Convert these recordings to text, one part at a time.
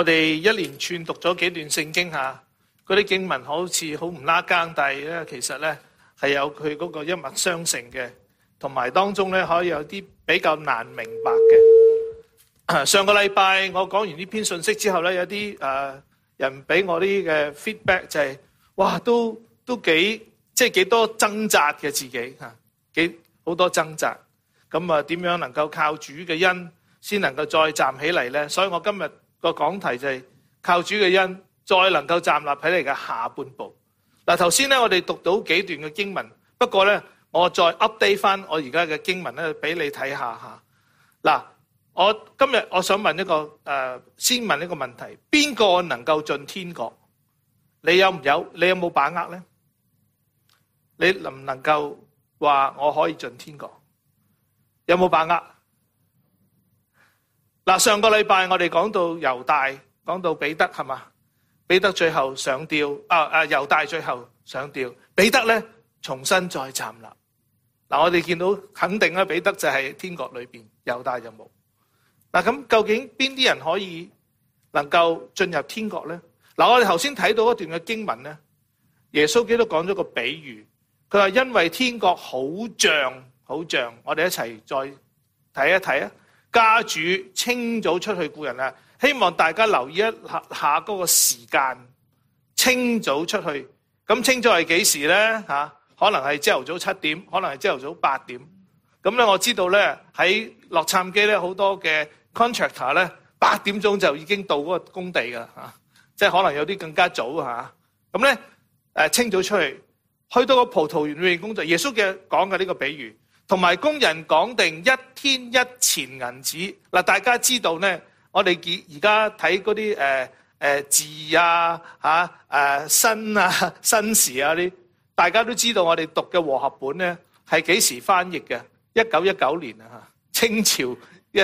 我哋一連串讀咗幾段聖經吓，嗰啲經文好似好唔拉更，但係咧其實咧係有佢嗰個一脈相承嘅，同埋當中咧可以有啲比較難明白嘅。上個禮拜我講完呢篇信息之後咧，有啲誒人俾我啲嘅 feedback 就係，哇，都都幾即係幾多掙扎嘅自己吓，幾好多掙扎，咁啊點樣能夠靠主嘅恩，先能夠再站起嚟？咧？所以我今日。個講題就係靠主嘅恩，再能夠站立起嚟嘅下半部。嗱，頭先咧我哋讀到幾段嘅經文，不過咧我再 update 翻我而家嘅經文咧俾你睇下吓嗱，我今日我想問一個、呃、先問一個問題：邊個能夠進天國？你有唔有？你有冇把握咧？你能唔能夠話我可以進天國？有冇把握？嗱，上個禮拜我哋講到猶大，講到彼得係嘛？彼得最後上吊，啊啊！猶大最後上吊，彼得咧重新再站立。嗱，我哋見到肯定咧，彼得就係天國裏面，猶大就冇。嗱，咁究竟邊啲人可以能夠進入天國咧？嗱，我哋頭先睇到一段嘅經文咧，耶穌基督講咗個比喻，佢話因為天國好像好像，我哋一齊再睇一睇啊！家主清早出去雇人啊！希望大家留意一下下嗰個時間，清早出去。咁清早係幾時咧？吓，可能係朝頭早七點，可能係朝頭早八點，咁咧，我知道咧喺洛杉磯咧好多嘅 contractor 咧，八點鐘就已經到嗰個工地噶啦吓，即係可能有啲更加早吓，咁咧，誒清早出去，去到個葡萄園裏面工作。耶穌嘅講嘅呢個比喻。同埋工人講定一天一錢銀紙嗱，大家知道咧，我哋而家睇嗰啲誒誒字啊嚇誒、啊、新啊新時啊啲，大家都知道我哋讀嘅和合本咧係幾時翻譯嘅？一九一九年啊嚇，清朝一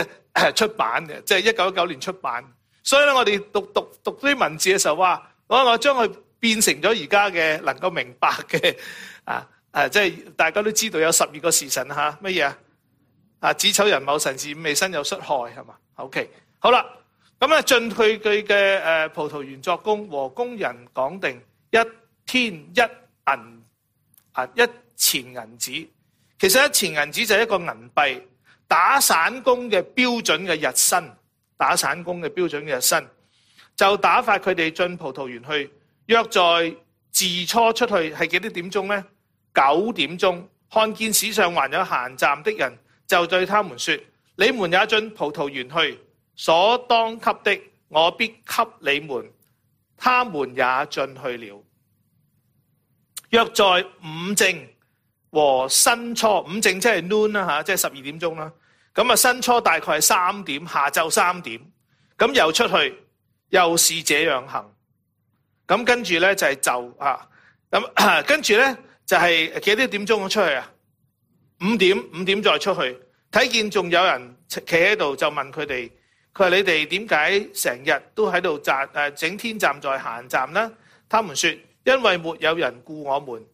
出版嘅，即係一九一九年出版。所以咧，我哋讀讀讀啲文字嘅時候，話我我將佢變成咗而家嘅能夠明白嘅啊～誒、啊，即係大家都知道有十二個時辰嚇，乜嘢啊？啊，子丑寅卯辰巳午未申酉戌亥，係嘛？OK，好啦，咁啊進去佢嘅誒葡萄園作工，和工人講定一天一銀啊一錢銀子。其實一錢銀子就係一個銀幣，打散工嘅標準嘅日薪，打散工嘅標準嘅日薪，就打發佢哋進葡萄園去。約在巳初出去係幾多點鐘咧？九點鐘看見市上還有閒站的人，就對他們說：你們也進葡萄園去，所當給的我必給你們。他們也進去了。約在午正和申初，午正即係 noon 啦嚇，即係十二點鐘啦。咁啊申初大概係三點，下晝三點。咁又出去，又是這樣行。咁跟住咧就係就啊，咁跟住咧。就係幾多點鐘出去啊？五點，五點再出去。睇見仲有人企喺度，就問佢哋：佢話你哋點解成日都喺度站？誒，整天站在閒站呢？他們說：因為沒有人雇我們。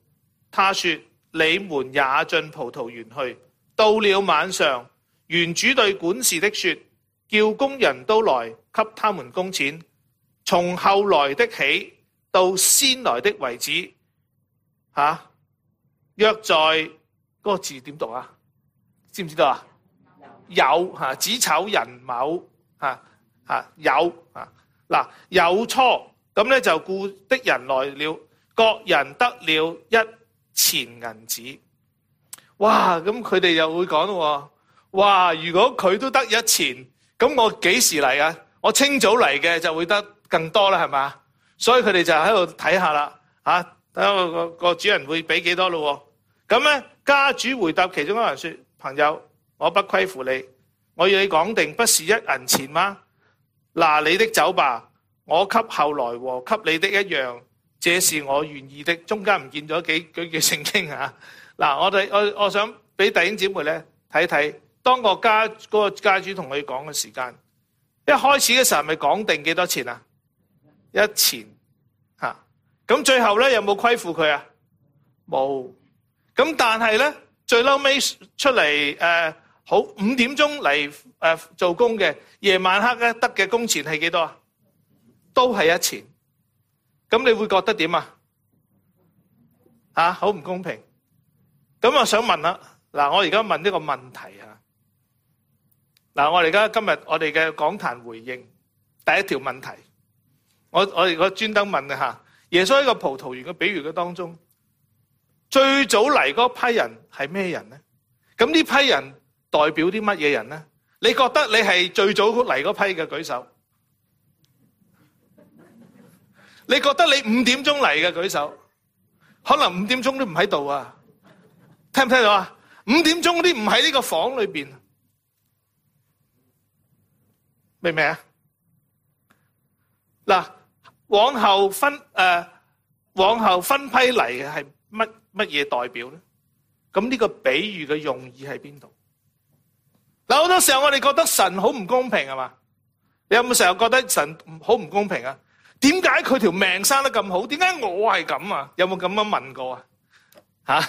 他說：你們也進葡萄園去。到了晚上，園主對管事的説：叫工人都來給他們工錢。從後來的起到先來的為止，嚇！約在嗰、那個字點讀啊？知唔知道啊？有吓、啊，子丑寅卯吓吓有啊嗱、啊，酉初咁咧就僱的人來了，各人得了一錢銀子。哇！咁佢哋又會講咯，哇！如果佢都得一錢，咁我幾時嚟啊？我清早嚟嘅就會得更多啦，係嘛？所以佢哋就喺度睇下啦，吓睇下個、那個主人會俾幾多咯。咁咧，家主回答其中一個人說：朋友，我不虧負你，我要你講定，不是一銀錢嗎？嗱、啊，你的走吧，我給後來和給你的一樣，這是我願意的。中間唔見咗幾句嘅聖經啊？嗱、啊，我哋我我想俾弟兄姊妹咧睇睇，看看當個家嗰、那個家主同佢講嘅時間，一開始嘅時候咪講定幾多錢啊？一錢吓，咁、啊、最後咧有冇虧負佢啊？冇。咁但係咧，最嬲尾出嚟，誒、呃，好五點鐘嚟誒、呃、做工嘅，夜晚黑咧得嘅工錢係幾多啊？都係一錢。咁你會覺得點啊？吓，好唔公平。咁我想問啦，嗱，我而家問呢個問題啊。嗱，我哋而家今日我哋嘅講壇回應第一條問題，我我我專登問嘅吓，耶穌喺個葡萄園嘅比喻嘅當中。最早來嗰批人，係咩人呢？咁呢批人，代表啲乜嘢人呢？你覺得你係最早來嗰批嘅舉手？你覺得你五點鐘來嘅舉手？可能五點鐘都唔喺度啊？聽唔聽到啊？五點鐘都唔喺呢個房裏面？明唔明啊？嗱，往後分，呃，往後分批嚟嘅係乜？乜嘢代表咧？咁呢個比喻嘅用意喺邊度？嗱，好多時候我哋覺得神好唔公平啊嘛？你有冇成日覺得神好唔公平啊？點解佢條命生得咁好？點解我係咁啊？有冇咁樣問過啊？吓，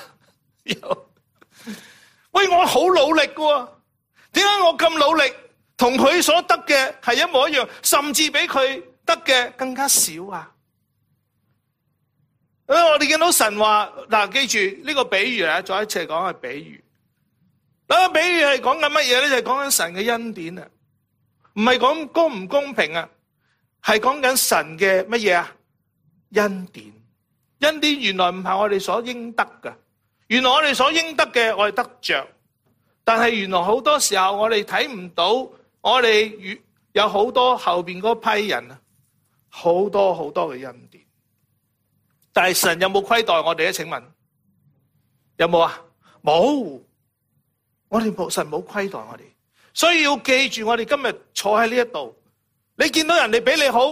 喂，我好努力嘅喎，點解我咁努力，同佢所得嘅係一模一樣，甚至比佢得嘅更加少啊？我哋見到神話嗱，記住呢個比喻啊，再一次講係比喻。咁比喻係講緊乜嘢咧？就係講緊神嘅恩典啊，唔係講公唔公平啊，係講緊神嘅乜嘢啊？恩典，恩典原來唔係我哋所應得嘅，原來我哋所應得嘅我哋得着，但係原來好多時候我哋睇唔到，我哋有好多後邊批人啊，好多好多嘅恩典。但係神有冇虧待我哋咧？請問有冇啊？冇，我哋冇神冇虧待我哋，所以要記住我哋今日坐喺呢一度。你見到人哋比你好，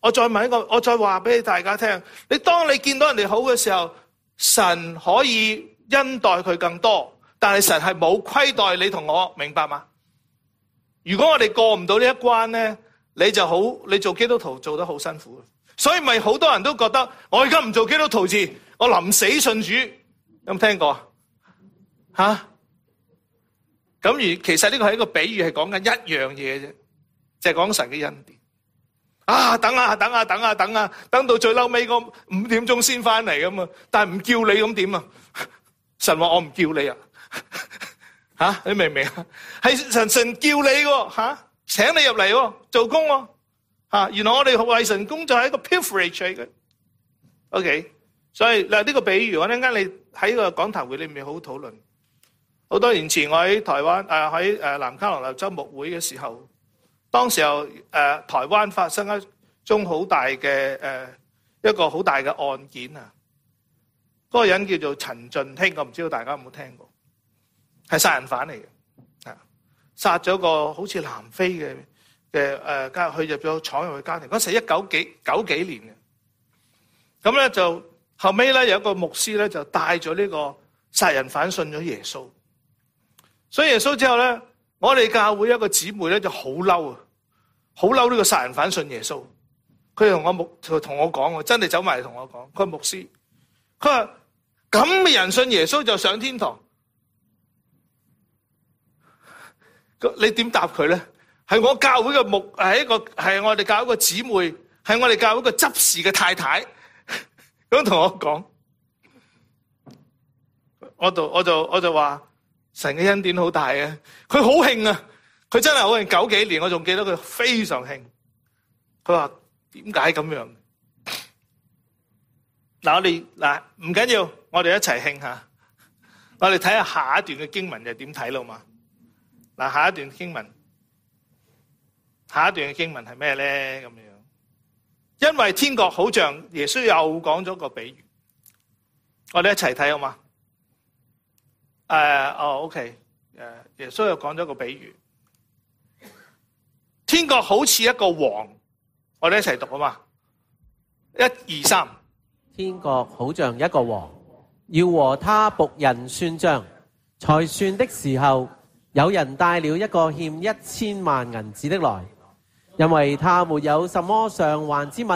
我再問一個，我再話俾大家聽。你當你見到人哋好嘅時候，神可以恩待佢更多，但係神係冇虧待你同我，明白嗎？如果我哋過唔到呢一關咧，你就好，你做基督徒做得好辛苦。所以咪好多人都覺得我而家唔做基督徒住，我臨死信主，有冇聽過啊？吓，咁而其實呢個係一個比喻，係講緊一樣嘢啫，就係講神嘅恩典。啊，等啊等啊等啊等啊，等到最嬲尾個五點鐘先翻嚟，咁啊，但係唔叫你咁點啊？神話我唔叫你啊？吓，你明唔明啊？係神神叫你喎，吓，請你入嚟做工喎。嚇！原來我哋為神工作係一個 privilege 嘅，OK。所以嗱呢個比喻，我一陣間你喺個講談會裏面好好討論。好多年前我喺台灣誒喺誒南卡羅來州牧會嘅時候，當時候誒、呃、台灣發生一宗好大嘅誒、呃、一個好大嘅案件啊！嗰、那個人叫做陳進興，我唔知道大家有冇聽過，係殺人犯嚟嘅，嚇殺咗個好似南非嘅。嘅誒家，去入咗廠入去家庭，嗰時一九幾九幾年嘅，咁咧就後尾咧有一個牧師咧就帶咗呢個殺人犯信咗耶穌，所以耶穌之後咧，我哋教會一個姊妹咧就好嬲啊，好嬲呢個殺人犯信耶穌，佢同我牧就同我講，真係走埋嚟同我講，佢話牧師，佢話咁嘅人信耶穌就上天堂，咁你點答佢咧？係我教會嘅目係一個係我哋教會嘅姊妹，係我哋教會嘅執事嘅太太咁同 我講，我就我就我就話神嘅恩典好大嘅。佢好慶啊！佢、啊、真係好慶九幾年，我仲記得佢非常慶。佢話點解咁樣？嗱， 我哋嗱唔緊要，我哋一齊慶吓。我哋睇下下一段嘅經文又點睇好嘛？嗱，下一段經文。下一段嘅經文係咩咧？咁樣，因為天國好像耶穌又講咗個比喻，我哋一齊睇好嘛？誒，哦，OK，誒、uh,，耶穌又講咗個比喻，天國好似一個王，我哋一齊讀好嘛？一二三，天國好像一個王，要和他僕人算賬。才算的時候，有人帶了一個欠一千萬銀子的來。因為他沒有什麼償還之物，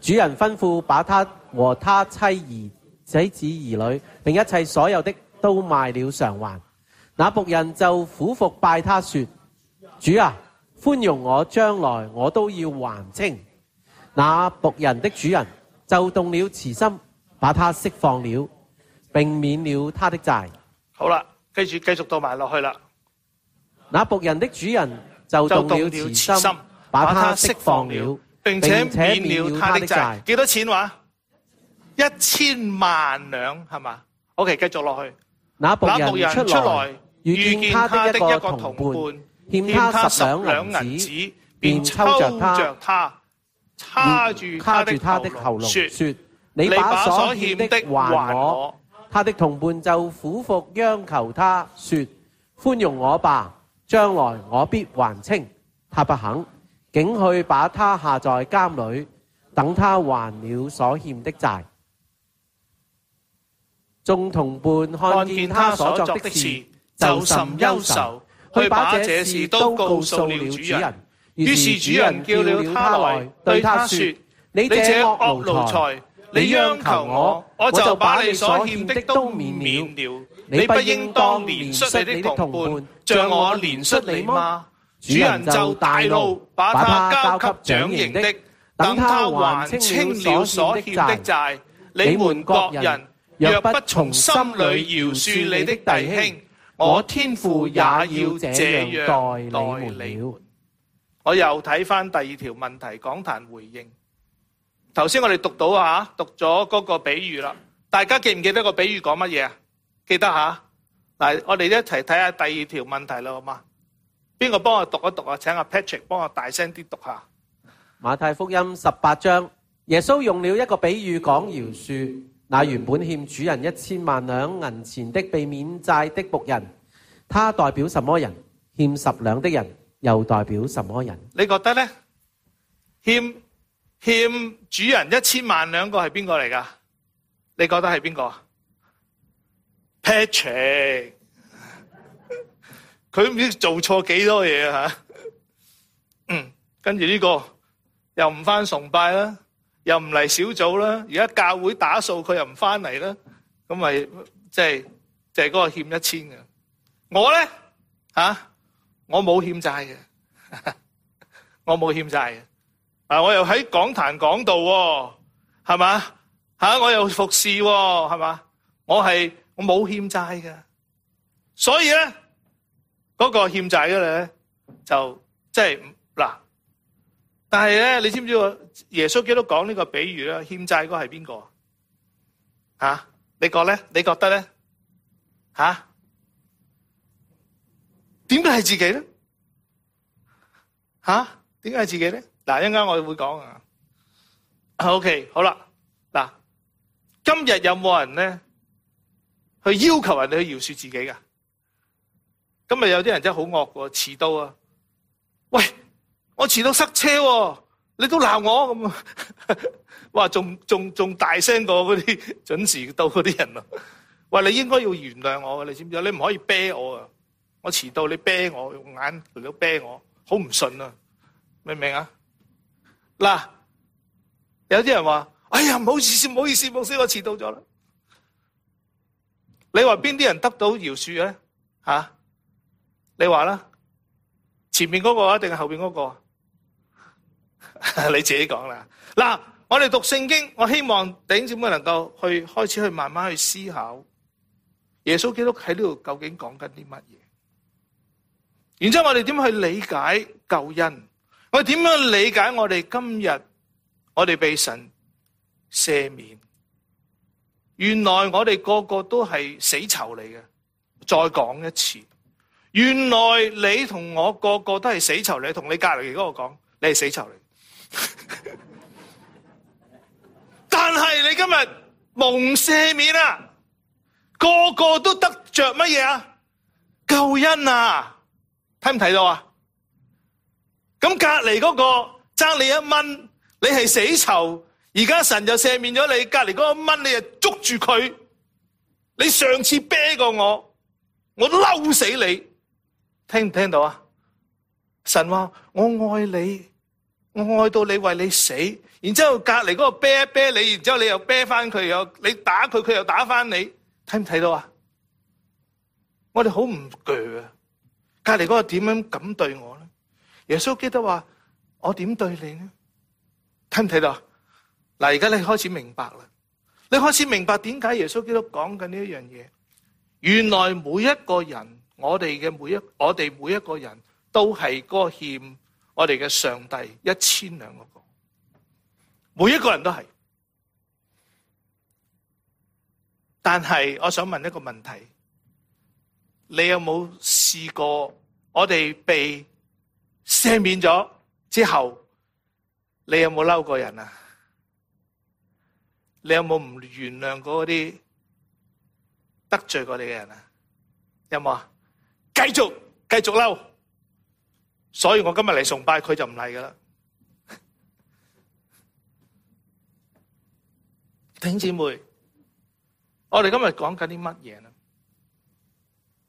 主人吩咐把他和他妻兒、仔子，子、兒女，並一切所有的都賣了償還。那僕人就俯伏拜他說：主啊，寬容我將來，我都要還清。那僕人的主人就動了慈心，把他釋放了，並免了他的債。好啦，繼續繼續讀埋落去啦。那僕人的主人就動了慈心。把他釋放了，並且免了他的債。幾多錢話、啊？一千萬兩係嘛？OK，繼續落去。那僕人出來遇見他的一個同伴，欠他十兩銀子，便抽着他，叉住他的喉嚨，說：你把所欠的還我。他的同伴就苦服央求他，說：寬容我吧，將來我必還清。他不肯。竟去把他下在監裏，等他還了所欠的債。眾同伴看見他所做的事，就甚憂愁，去把這事都告訴了主人。於是主人叫了他來，對他說：你這惡奴才，你央求我，我就把你所欠的都免了。你不應當憐恤你的同伴，像我憐恤你嗎？主人就大怒，把他交給掌刑的，等他還清了所欠的債。你們各人若不從心裏饒恕你的弟兄，我天父也要這樣待你們了。我又睇翻第二條問題講壇回應。頭先我哋讀到啊，讀咗嗰個比喻啦，大家記唔記得個比喻講乜嘢啊？記得吓，嗱，我哋一齊睇下第二條問題啦，好嗎？邊個幫我讀一讀啊？請阿 Patrick 幫我大聲啲讀下《馬太福音》十八章。耶穌用了一個比喻講饒恕，那原本欠主人一千萬兩銀錢的被免債的僕人，他代表什麼人？欠十兩的人又代表什麼人？你覺得呢？欠欠主人一千萬兩個係邊個嚟㗎？你覺得係邊個？Patrick。佢唔知做錯幾多嘢吓、啊， 嗯，跟住呢個又唔翻崇拜啦，又唔嚟小組啦，而家教會打掃佢又唔翻嚟啦，咁咪即係即係嗰個欠一千嘅。我咧吓、啊，我冇欠債嘅， 我冇欠債嘅，啊我又喺講壇講道喎，係嘛吓我又服侍喎、啊，係嘛，我係我冇欠債嘅，所以咧。嗰、那個欠債嘅呢，就即係，嗱、啊，但係呢，你知唔知道耶穌基督講呢個比喻咧？欠債嗰係邊個啊？吓，你覺得咧？你覺得呢？吓？點解係自己呢？吓、啊？點解係自己呢？嗱、啊，一陣間我會講。OK，好啦，嗱、啊，今日有冇人呢，去要求人哋去饒恕自己㗎？今日有啲人真係好惡噶，遲到啊！喂，我遲到塞車、啊，你都鬧我咁啊！ 哇，仲仲仲大聲過嗰啲準時到嗰啲人啊！喂，你應該要原諒我噶、啊，你知唔知你唔可以啤我啊！我遲到你啤我，你啤我用眼嚟到啤我，好唔順啊！明唔明啊？嗱，有啲人話，哎呀，唔好意思，唔好意思，唔好意思，我遲到咗啦！你話邊啲人得到饒恕咧？吓、啊？你話啦，前面嗰個定係後邊嗰、那個？ 你自己講啦。嗱，我哋讀聖經，我希望弟兄姐妹能夠去開始去慢慢去思考，耶穌基督喺呢度究竟講緊啲乜嘢？然之後我哋點去理解救恩？我哋點樣理解我哋今日我哋被神赦免？原來我哋個個都係死囚嚟嘅。再講一次。原來你同我個個都係死囚。你，你同你隔籬嗰個講，你係死囚嚟。 但係你今日蒙赦免啊，個個都得着乜嘢啊？救恩啊！睇唔睇到啊？咁隔籬嗰個爭你一蚊，你係死囚；而家神就赦免咗你。隔籬嗰個一蚊，你就捉住佢。你上次啤過我，我嬲死你！聽唔聽到啊？神話我愛你，我愛到你為你死。然之後隔籬嗰個啤啤你，然之後你又啤翻佢，又你打佢，佢又打翻你。睇唔睇到啊？我哋好唔鋸啊！隔籬嗰個點樣咁對我咧？耶穌基督話我點對你咧？睇唔睇到啊？嗱，而家你開始明白啦，你開始明白點解耶穌基督講緊呢一樣嘢。原來每一個人。我哋嘅每一，我哋每一個人都係個欠我哋嘅上帝一千兩個角，每一個人都係。但係我想問一個問題，你有冇試過我哋被赦免咗之後，你有冇嬲過人啊？你有冇唔原諒過嗰啲得罪過你嘅人啊？有冇啊？繼續繼續嬲，所以我今日嚟崇拜佢就唔嚟噶啦。弟兄姊妹，我哋今日講緊啲乜嘢呢？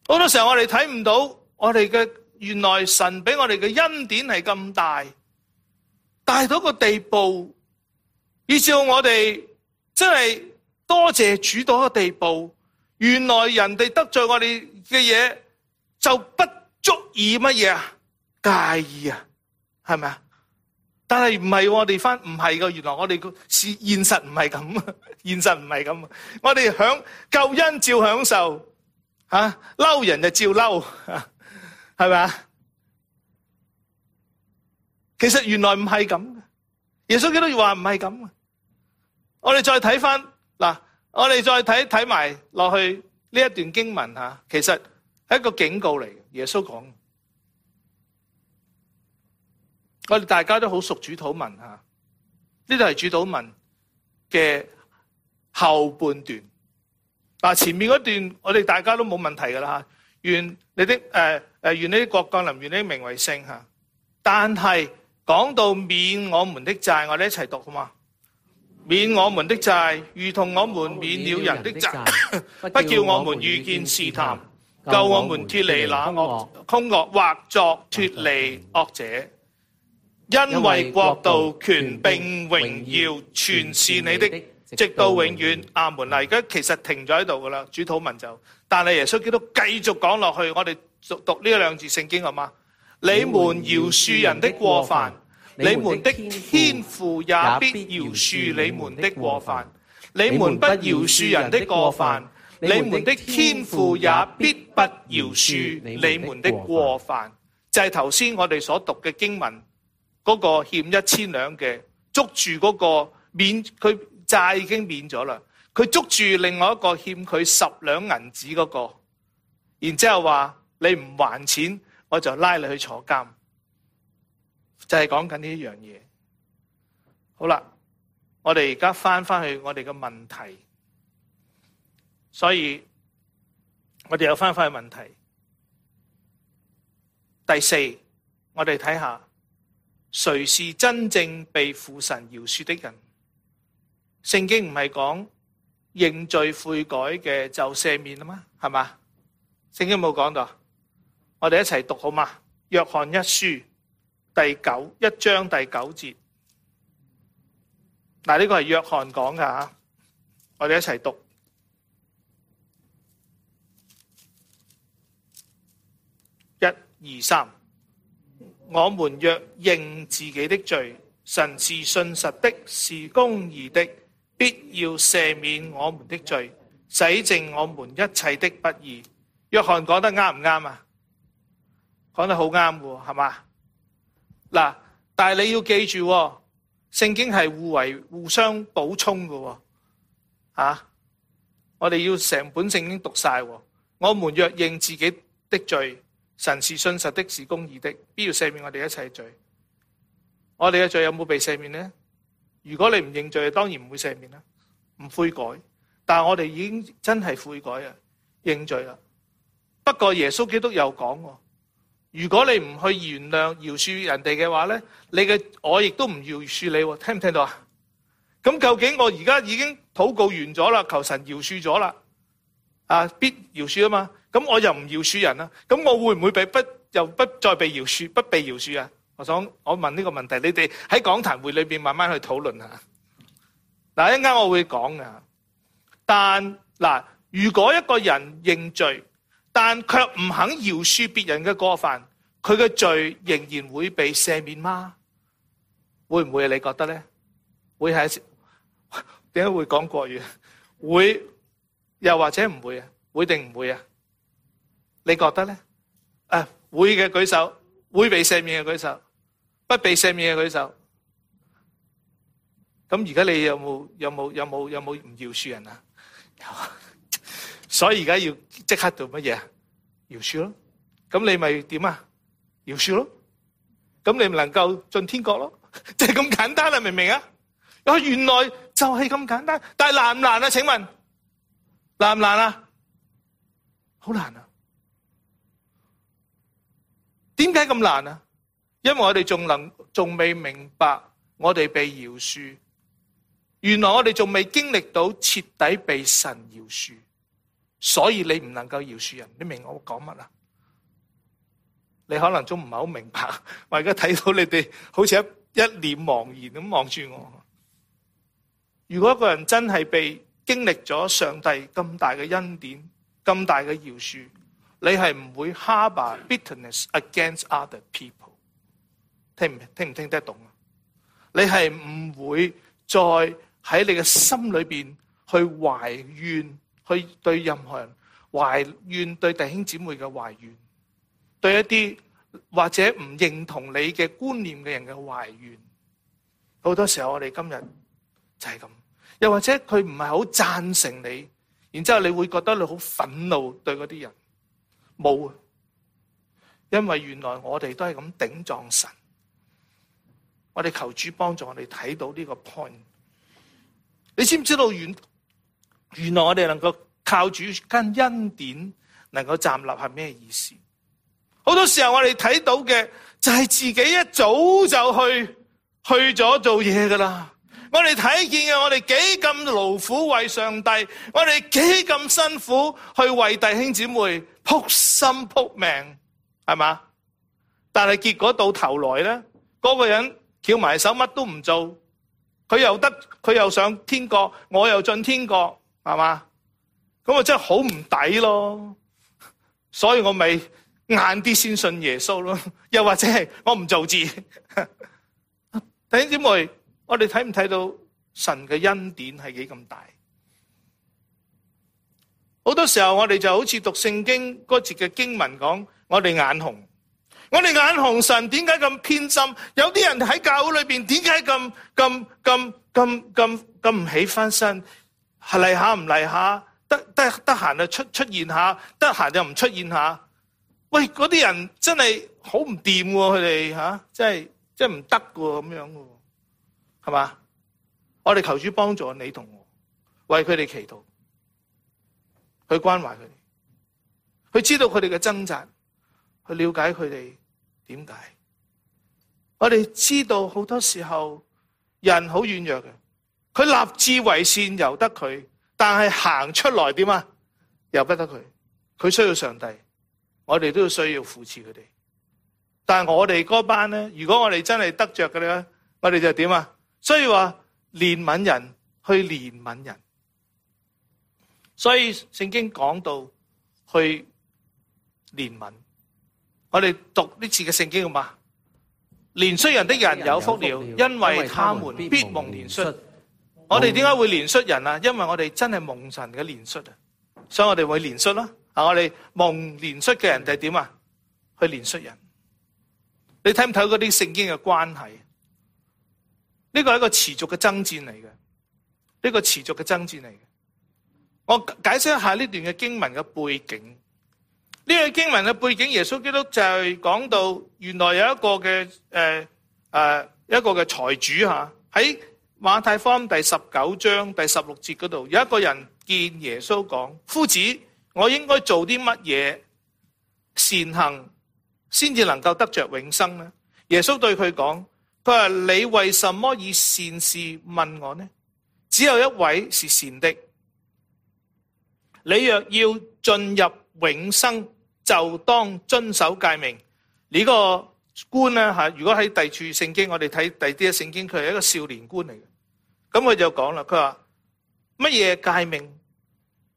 好多時候我哋睇唔到，我哋嘅原來神俾我哋嘅恩典係咁大，大到個地步，以致我哋真係多謝主到一個地步。原來人哋得罪我哋嘅嘢。就不足以乜嘢啊？介意啊？係咪啊？但係唔係我哋翻唔係噶，原來我哋個是現實唔係咁，現實唔係咁。我哋享救恩照享受，吓、啊、嬲人就照嬲，係咪啊？其實原來唔係咁。耶穌基督要話唔係咁。我哋再睇翻嗱，我哋再睇睇埋落去呢一段經文吓、啊，其實。一個警告嚟，耶穌講，我哋大家都好熟主禱文、啊、這裡是主禱文的後半段，啊、前面嗰段我哋大家都冇問題噶啦、啊、願你的誒願、呃呃、你的國降臨，願你的名為聖、啊、但是講到免我們的債，我哋一齊讀啊嘛，免我們的債，如同我們免了人的債，的債不叫我們遇見試探。救我們脱離那空惡，或作脱離惡者，因為國度、權柄榮耀，全是你的，直到永遠。阿門。嗱，而家其實停咗喺度噶啦，主禱文就。但係耶穌基督繼續講落去，我哋讀呢兩字聖經好嘛。你們饒恕人的過犯，你們的天父也必饒恕你們的,的過犯。你們不饒恕人的過犯。你們的天父也必不饒恕你們的過犯，就係頭先我哋所讀嘅經文嗰、那個欠一千兩的捉住嗰、那個免佢債已經免咗佢，捉住另外一個欠佢十兩銀子嗰、那個，然之後話你唔還錢，我就拉你去坐監，就係講緊呢一樣嘢。好啦，我哋而家翻翻去我哋嘅問題。所以，我哋又翻返去問題。第四，我哋睇下，誰是真正被父神饒恕的人？聖經唔係講認罪悔改嘅就赦免啊嘛？係嘛？聖經冇講到，我哋一齊讀好嘛？約翰一書第九一章第九節，嗱、這、呢個係約翰講噶吓，我哋一齊讀。二三，我們若認自己的罪，神是信實的，是公義的，必要赦免我們的罪，洗淨我們一切的不義。約翰講得啱唔啱啊？講得好啱喎，係嘛？嗱，但係你要記住，聖經係互為互相補充㗎，吓，啊，我哋要成本聖經讀晒。我們若認自己的罪。神是信實的，是公義的，必要赦免我哋一切罪。我哋嘅罪有冇被赦免呢？如果你唔認罪，當然唔會赦免啦，唔悔改。但係我哋已經真係悔改啊，認罪啦。不過耶穌基督又講過，如果你唔去原諒饒恕人哋嘅話咧，你嘅我亦都唔饒恕你。聽唔聽到啊？咁究竟我而家已經禱告完咗啦，求神饒恕咗啦，啊必饒恕啊嘛。咁我又唔饒恕人啦，咁我會唔會被不又不再被饒恕，不被饒恕啊？我想我問呢個問題，你哋喺講壇會裏邊慢慢去討論下。嗱，一陣間我會講啊。但嗱，如果一個人認罪，但卻唔肯饒恕，恕別人嘅過犯，佢嘅罪仍然會被赦免嗎？會唔會啊？你覺得咧？會係點解會講國語？會又或者唔會啊？會定唔會啊？你覺得咧？誒，會嘅舉手，會被赦免嘅舉手，不被赦免嘅舉手。咁而家你有冇有冇有冇有冇唔饒恕人啊？有，所以而家要即刻做乜嘢？饒恕咯。咁你咪點啊？饒恕咯。咁你咪能夠進天國咯？就係咁簡單啦，明唔明啊？哦，原來就係咁簡單，但係難唔難啊？請問難唔難啊？好難啊！點解咁難啊？因為我哋仲能仲未明白我哋被饒恕，原來我哋仲未經歷到徹底被神饒恕，所以你唔能夠饒恕人。你明我講乜啊？你可能仲唔係好明白，我而家睇到你哋好似一一臉茫然咁望住我。如果一個人真係被經歷咗上帝咁大嘅恩典、咁大嘅饒恕，你係唔會 harbor bitterness against other people，聽唔聽唔聽得懂啊？你係唔會再喺你嘅心裏邊去懷怨，去對任何人懷怨，對弟兄姊妹嘅懷怨，對一啲或者唔認同你嘅觀念嘅人嘅懷怨。好多時候我哋今日就係咁，又或者佢唔係好贊成你，然之後你會覺得你好憤怒對啲人。冇啊！因為原來我哋都係咁頂撞神，我哋求主幫助我哋睇到呢個 point。你知唔知道原原來我哋能夠靠住間恩典能夠站立係咩意思？好多時候我哋睇到嘅就係自己一早就去去咗做嘢噶啦。我哋睇見嘅，我哋幾咁勞苦為上帝，我哋幾咁辛苦去為弟兄姊妹撲心撲命，係嘛？但係結果到頭來咧，嗰個人翹埋手乜都唔做，佢又得，佢又上天國，我又進天國，係嘛？咁啊真係好唔抵咯，所以我咪晏啲先信耶穌咯，又或者係我唔做字，弟兄姊妹。我哋睇唔睇到神嘅恩典係幾咁大？好多時候我哋就好似讀聖經嗰節嘅經文講，我哋眼紅，我哋眼紅神點解咁偏心？有啲人喺教會裏邊點解咁咁咁咁咁咁唔起翻身？嚟下唔嚟下，得得得閒就出出現下，得閒就唔出現下。喂，嗰啲人真係好唔掂，佢哋吓，真係真唔得噶咁樣。係嘛？我哋求主幫助你同我，為佢哋祈禱，去關懷佢哋，去知道佢哋嘅掙扎，去了解佢哋點解。我哋知道好多時候人好軟弱嘅，佢立志為善由得佢，但係行出來點啊？由不得佢，佢需要上帝，我哋都要需要扶持佢哋。但係我哋嗰班咧，如果我哋真係得着嘅咧，我哋就點啊？所以話憐憫人去憐憫人，所以聖經講到去憐憫。我哋讀呢次嘅聖經啊嘛，憐恤人的人有福了，因為他們必蒙憐恤。我哋點解會憐恤人啊？因為我哋真係蒙神嘅憐恤。啊，所以我哋會憐恤啦。啊，我哋蒙憐恤嘅人係點啊？去憐恤人。你睇唔睇嗰啲聖經嘅關係？呢個係一個持續嘅爭戰嚟嘅，呢個持續嘅爭戰嚟嘅。我解釋一下呢段嘅經文嘅背景。呢段經文嘅背景，耶穌基督就係講到，原來有一個嘅誒誒一個嘅財主吓，喺馬太福音第十九章第十六節嗰度，有一個人見耶穌講：夫子，我應該做啲乜嘢善行，先至能夠得着永生呢？耶穌對佢講。佢話：你為什麼以善事問我呢？只有一位是善的。你若要進入永生，就當遵守誡命。呢個官咧吓，如果喺第處聖經，我哋睇第啲嘅聖經，佢係一個少年官嚟嘅。咁佢就講啦，佢話乜嘢誡命？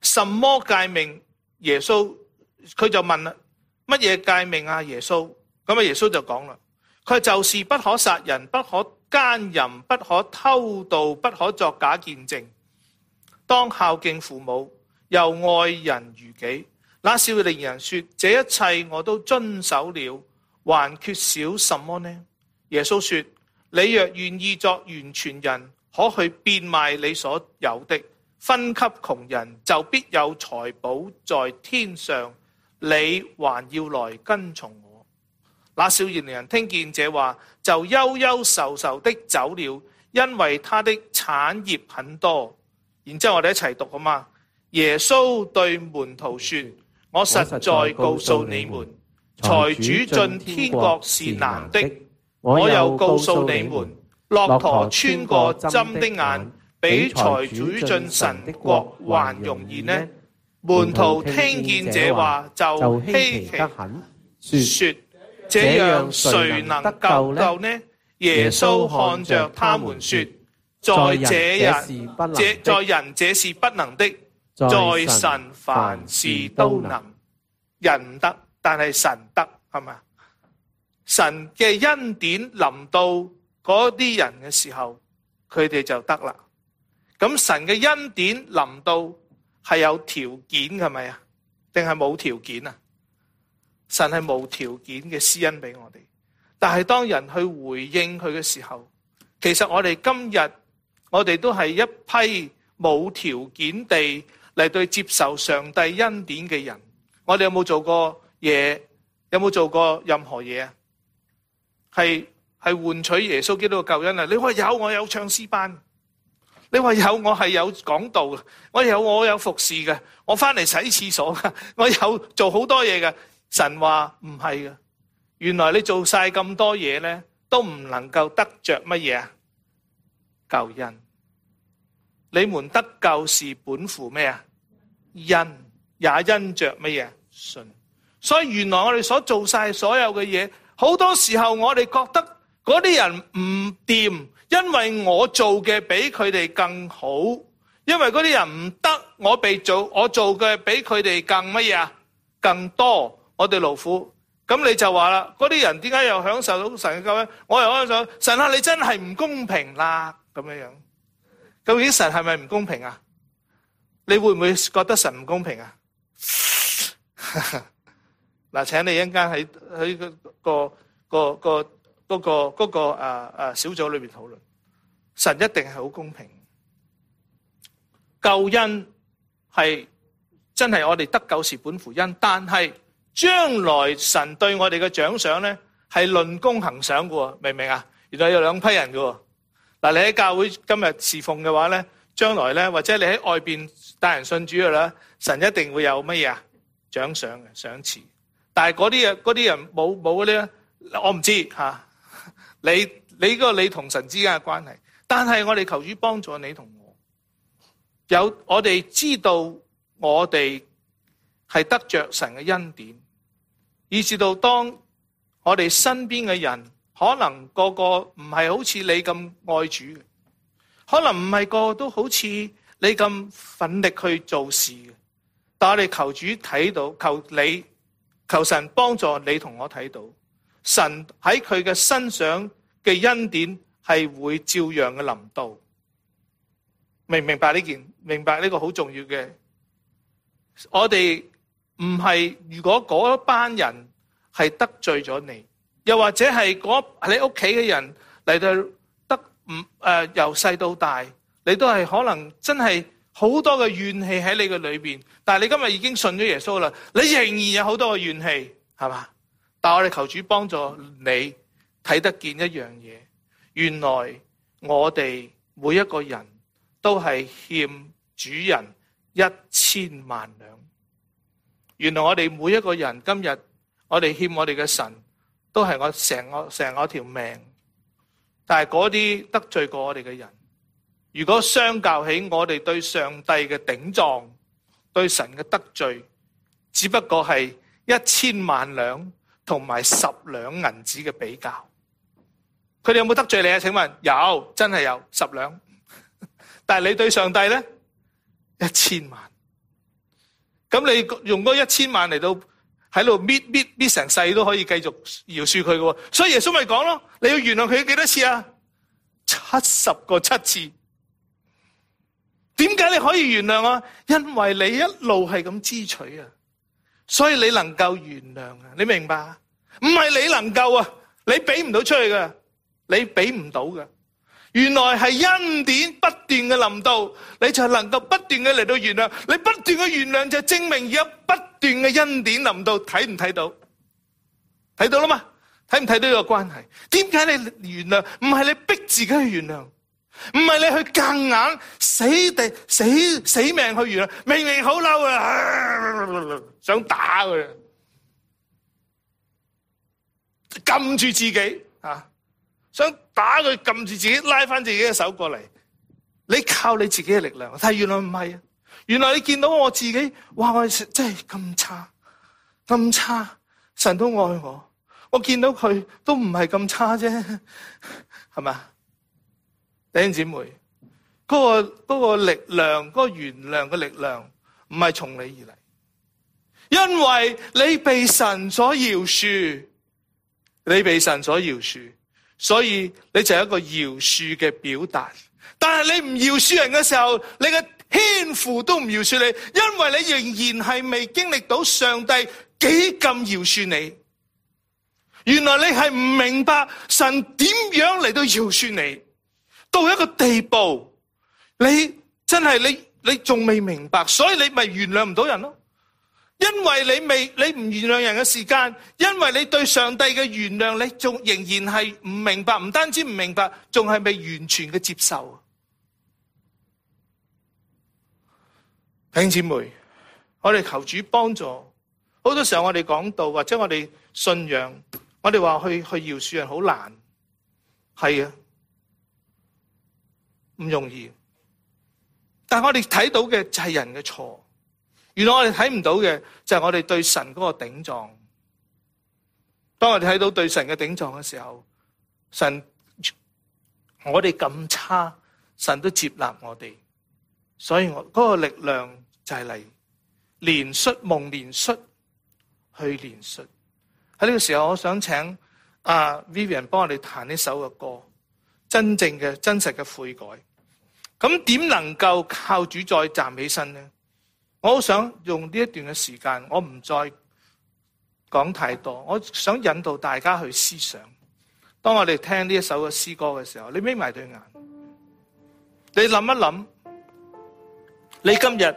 什麼誡命？耶穌佢就問啦，乜嘢誡命啊？耶穌咁啊？耶穌就講啦。佢就是不可殺人，不可姦淫，不可偷盜，不可作假見證。當孝敬父母，又愛人如己。那少年人說：這一切我都遵守了，還缺少什麼呢？耶穌說：你若願意作完全人，可去變賣你所有的，分給窮人，就必有財寶在天上。你還要來跟從我。那少年人聽見這話，就憂憂愁愁的走了，因為他的產業很多。然之後我哋一齊讀好嘛？耶穌對門徒說：我實在告訴你們，財主進天國是難的。我又告訴你們，駱駝穿過針的眼，比財主進神的國還容易呢。門徒聽見這話就稀奇得很，說。這樣誰能夠夠呢？耶穌看着他們說，在人這在人這是不能的，在神凡事都能。人唔得，但係神得，係咪？神嘅恩典臨到嗰啲人嘅時候，佢哋就得啦。咁神嘅恩典臨到係有條件係咪啊？定係冇條件啊？神係無條件嘅施恩俾我哋，但係當人去回應佢嘅時候，其實我哋今日我哋都係一批無條件地嚟，對接受上帝恩典嘅人。我哋有冇做過嘢？有冇做過任何嘢啊？係，係換取耶穌基督嘅救恩啊！你話有，我有唱詩班，你話有，我係有講道，我有我有服侍嘅，我翻嚟洗廁所，我有做好多嘢嘅。神話唔係嘅，原來你做晒咁多嘢咧，都唔能夠得着乜嘢啊？救恩，你們得救是本乎咩啊？恩也因着乜嘢？信。所以原來我哋所做晒所有嘅嘢，好多時候我哋覺得嗰啲人唔掂，因為我做嘅比佢哋更好，因為嗰啲人唔得，我被做，我做嘅比佢哋更乜嘢啊？更多。我哋勞苦，咁你就話啦，嗰啲人點解又享受到神嘅救恩？我又可能想，神啊，你真係唔公平啦，咁樣樣。究竟神係咪唔公平啊？你會唔會覺得神唔公平啊？嗱，請你一陣間喺喺個、嗰個、嗰個、嗰個嗰、嗰個、嗰個、嗰個嗰個嗰個、啊啊小組裏邊討論。神一定係好公平，救恩係真係我哋得救是本乎恩，但係。將來神對我哋嘅獎賞咧，係論功行賞嘅喎，明唔明啊？原來有兩批人嘅喎。嗱，你喺教會今日侍奉嘅話咧，將來咧或者你喺外邊帶人信主嘅咧，神一定會有乜嘢啊獎賞嘅賞賜。但係嗰啲嘢，嗰啲人冇冇啲咧，我唔知吓。你你個你同神之間嘅關係，但係我哋求主幫助你同我，有我哋知道我哋係得着神嘅恩典。以至到當我哋身邊嘅人可能個個唔係好似你咁愛主，可能唔係個個都好似你咁奮力去做事，但我哋求主睇到，求你，求神幫助你同我睇到，神喺佢嘅身上嘅恩典係會照樣嘅臨到，明唔明白呢件？明白呢個好重要嘅，我哋。唔係，如果嗰班人係得罪咗你，又或者係嗰你屋企嘅人嚟到得唔，誒由細到大，你都係可能真係好多嘅怨氣喺你嘅裏邊。但係你今日已經信咗耶穌啦，你仍然有好多嘅怨氣，係嘛？但係我哋求主幫助你睇得見一樣嘢，原來我哋每一個人都係欠主人一千萬兩。原來我哋每一個人今日，我哋欠我哋嘅神，都係我成我成我條命。但係嗰啲得罪過我哋嘅人，如果相較起我哋對上帝嘅頂撞、對神嘅得罪，只不過係一千萬兩同埋十兩銀子嘅比較。佢哋有冇得罪你啊？請問有，真係有十兩。但係你對上帝呢？一千萬。咁你用嗰一千萬嚟到喺度搣搣搣，成世都可以繼續饒恕佢嘅，所以耶穌咪講咯，你要原諒佢幾多次啊？七十個七次。點解你可以原諒啊？因為你一路係咁支取啊，所以你能夠原諒啊，你明白？唔係你能夠啊，你俾唔到出去㗎，你俾唔到㗎。原來係恩典不斷嘅臨到，你才能夠不斷嘅嚟到原諒。你不斷嘅原諒就證明有不斷嘅恩典臨到。睇唔睇到？睇到啦嘛？睇唔睇到呢個關係？點解你原諒？唔係你逼自己去原諒，唔係你去夾硬死地死死命去原諒。明明好嬲啊，想打佢，撳住自己啊，想。打佢，撳住自己，拉翻自己嘅手過嚟。你靠你自己嘅力量，但係原來唔係啊。原來你見到我自己，哇！我真係咁差咁差，神都愛我。我見到佢都唔係咁差啫，係咪啊？弟兄姐妹，嗰個嗰個力量，嗰個原諒嘅力量，唔係從你而嚟，因為你被神所饒恕，你被神所饒恕。所以你就係一個饒恕嘅表達，但係你唔饒恕人嘅時候，你嘅天父都唔饒恕你，因為你仍然係未經歷到上帝幾咁饒恕你。原來你係唔明白神點樣嚟到饒恕你，到一個地步，你真係你你仲未明白，所以你咪原諒唔到人咯。因為你未你唔原諒人嘅時間，因為你對上帝嘅原諒，你仲仍然係唔明白，唔單止唔明白，仲係未完全嘅接受。弟兄姊妹，我哋求主幫助。好多時候我哋講道，或者我哋信仰，我哋話去要饒恕人好難，係啊，唔容易。但我哋睇到嘅就係人嘅錯。原來我哋睇唔到嘅就係我哋對神嗰個頂撞。當我哋睇到對神嘅頂撞嘅時候，神我哋咁差，神都接納我哋。所以我嗰個力量就係嚟連率夢連率去連率。喺呢個時候，我想請阿 Vivian 幫我哋彈呢首嘅歌。真正嘅真實嘅悔改。咁點能夠靠主再站起身呢？我好想用呢一段嘅時間，我唔再講太多。我想引導大家去思想。當我哋聽呢一首嘅詩歌嘅時候，你眯埋對眼，你諗一諗，你今日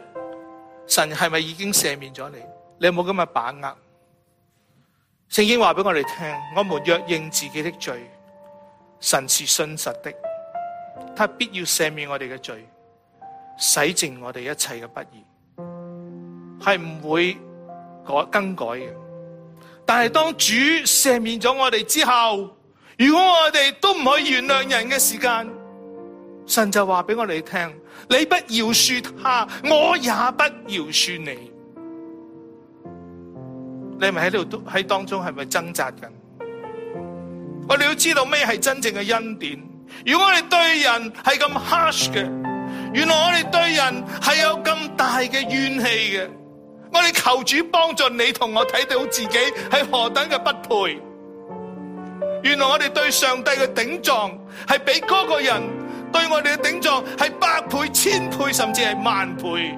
神係咪已經赦免咗你？你有冇咁嘅把握？聖經話俾我哋聽，我們若認自己的罪，神是信實的，祂必要赦免我哋嘅罪，洗淨我哋一切嘅不義。係唔會改更改嘅，但係當主赦免咗我哋之後，如果我哋都唔可以原諒人嘅時間，神就話俾我哋聽：你不饒恕他，我也不饒恕你。你係咪喺度喺當中係咪掙扎緊？我哋要知道咩係真正嘅恩典。如果我哋對人係咁 hush 嘅，原來我哋對人係有咁大嘅怨氣嘅。我哋求主幫助你同我睇到自己係何等嘅不配。原來我哋對上帝嘅頂撞係比嗰個人對我哋嘅頂撞係百倍千倍甚至係萬倍。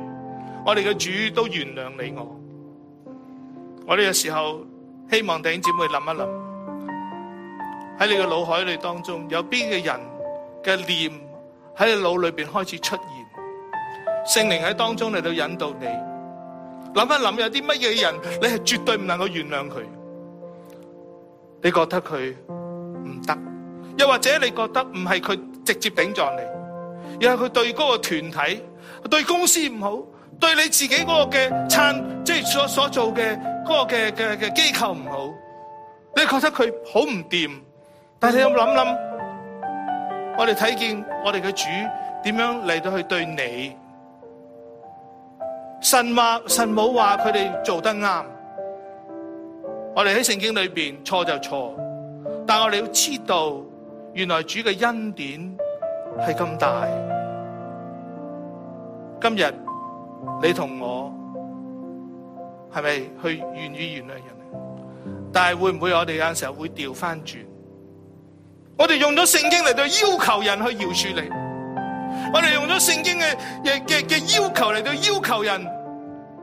我哋嘅主都原諒你我。我哋有時候希望弟兄姊妹諗一諗，喺你嘅腦海裏當中有邊個人嘅念喺你腦裏邊開始出現，聖靈喺當中嚟到引導你。諗一諗有啲乜嘢人，你係絕對唔能夠原諒佢。你覺得佢唔得，又或者你覺得唔係佢直接頂撞你，又係佢對嗰個團體、對公司唔好，對你自己嗰個嘅撐，即係所所做嘅嗰個嘅嘅嘅機構唔好，你覺得佢好唔掂。但係你有冇諗諗？我哋睇見我哋嘅主點樣嚟到去對你。神話神冇話佢哋做得啱，我哋喺聖經裏邊錯就錯，但係我哋要知道，原來主嘅恩典係咁大。今日你同我係咪去願意原諒人？但係會唔會我哋有陣時候會調翻轉？我哋用咗聖經嚟到要求人去饒恕你。我哋用咗聖經嘅嘅嘅要求，嚟到要求人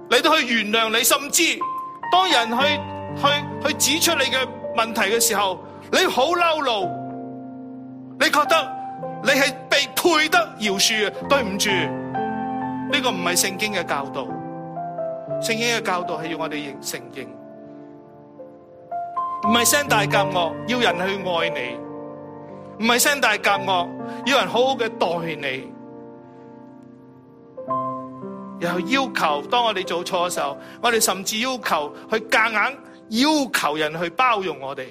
嚟到去原諒你，甚至當人去去去指出你嘅問題嘅時候，你好嬲怒，你覺得你係被配得饒恕啊？對唔住，呢個唔係聖經嘅教導，聖經嘅教導係要我哋承認，唔係聲大夾惡，要人去愛你。唔係聲大夾惡，要人好好嘅待你，然後要求。當我哋做錯嘅時候，我哋甚至要求去夾硬要求人去包容我哋。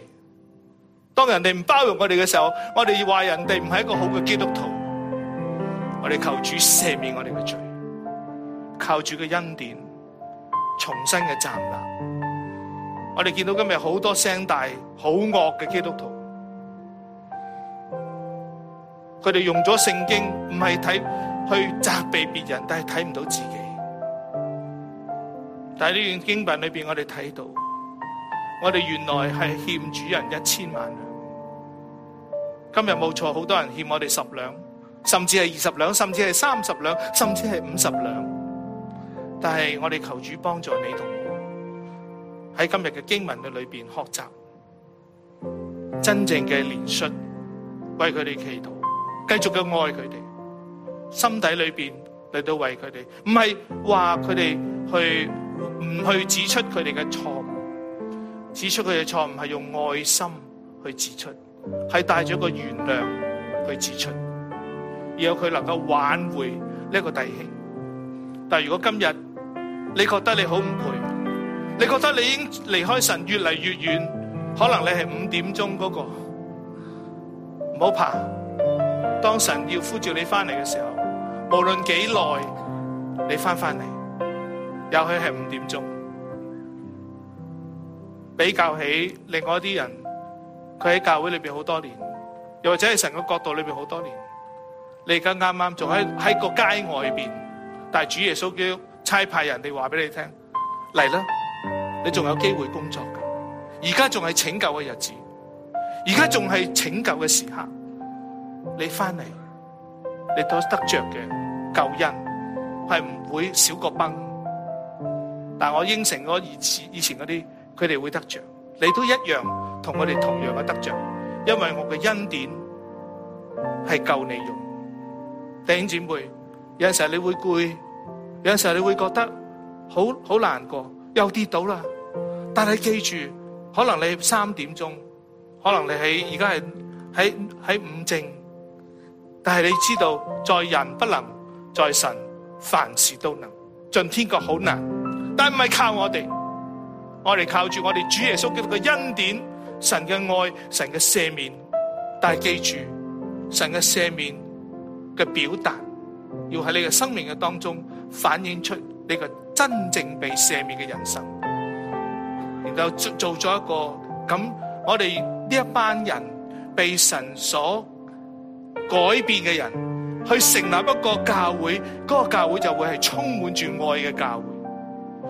當人哋唔包容我哋嘅時候，我哋要話人哋唔係一個好嘅基督徒。我哋求主赦免我哋嘅罪，靠主嘅恩典重新嘅站立。我哋見到今日好多聲大好惡嘅基督徒。佢哋用咗聖經，唔係睇去責備別人，但係睇唔到自己。但係呢段經文裏邊，我哋睇到，我哋原來係欠主人一千萬兩。今日冇錯，好多人欠我哋十兩，甚至係二十兩，甚至係三十兩，甚至係五十兩。但係我哋求主幫助你同我喺今日嘅經文裏邊學習真正嘅憐恤，為佢哋祈禱。繼續嘅愛佢哋，心底裏邊嚟，到為佢哋，唔係話佢哋去唔去指出佢哋嘅錯誤，指出佢嘅錯誤係用愛心去指出，係帶咗一個原諒去指出，然後佢能夠挽回呢個弟兄。但係如果今日你覺得你好唔配，你覺得你已經離開神越嚟越遠，可能你係五點鐘嗰個，唔好怕。當神要呼召你翻嚟嘅時候，無論幾耐，你翻翻嚟，也許係五點鐘。比較起另外一啲人，佢喺教會裏邊好多年，又或者係神嘅國度裏邊好多年，你而家啱啱仲喺喺個街外邊，但係主耶穌叫差派人哋話俾你聽，嚟啦，你仲有機會工作嘅，而家仲係拯救嘅日子，而家仲係拯救嘅時刻。你翻嚟，你都得着嘅救恩係唔會少過崩。但我應承我以前嗰啲，佢哋會得着。你都一樣同我哋同樣嘅得着，因為我嘅恩典係夠你用。弟兄姊妹，有陣時候你會攰，有陣時候你會覺得好好難過，又跌倒啦。但係記住，可能你三點鐘，可能你喺而家係喺喺五正。但係你知道，在人不能，在神凡事都能。進天國好難，但唔係靠我哋，着我哋靠住我哋主耶穌嘅個恩典、神嘅愛、神嘅赦免。但係記住，神嘅赦免嘅表達，要喺你嘅生命嘅當中反映出你個真正被赦免嘅人生，然後做做咗一個咁，我哋呢一班人被神所改變嘅人去成立一個教會，嗰個教會就會係充滿住愛嘅教會。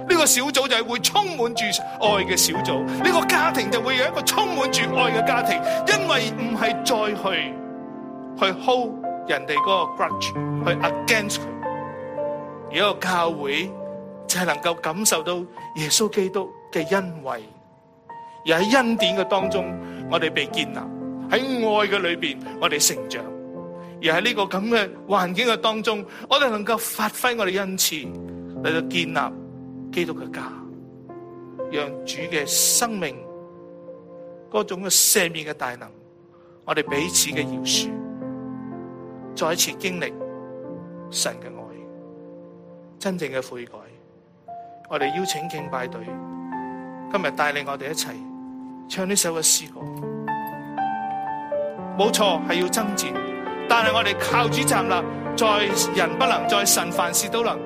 呢個小組就會充滿住愛嘅小組，呢個家庭就會有一個充滿住愛嘅家庭。因為唔係再去去 hold 人哋個 grudge，去 against 佢，而一個教會就係能夠感受到耶穌基督嘅恩惠，而喺恩典嘅當中，我哋被建立喺愛嘅裏邊，我哋成長。而喺呢個咁嘅環境嘅當中，我哋能夠發揮我哋恩慈嚟到建立基督嘅家，讓主嘅生命嗰種嘅赦免嘅大能，我哋彼此嘅饒恕，再一次經歷神嘅愛，真正嘅悔改。我哋邀請敬拜隊今日帶領我哋一齊唱呢首嘅詩歌。冇錯，係要爭戰。但係我哋靠主站立，在人不能，在神凡事都能。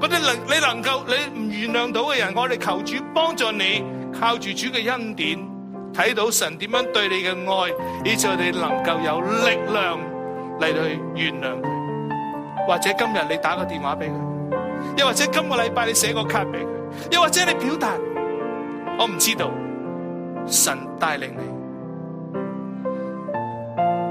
嗰啲能你能夠你唔原諒到嘅人，我哋求主幫助你，靠住主嘅恩典，睇到神點樣對你嘅愛，以至我哋能夠有力量嚟到去原諒佢。或者今日你打個電話俾佢，又或者今個禮拜你寫個卡俾佢，又或者你表達，我唔知道，神帶領你。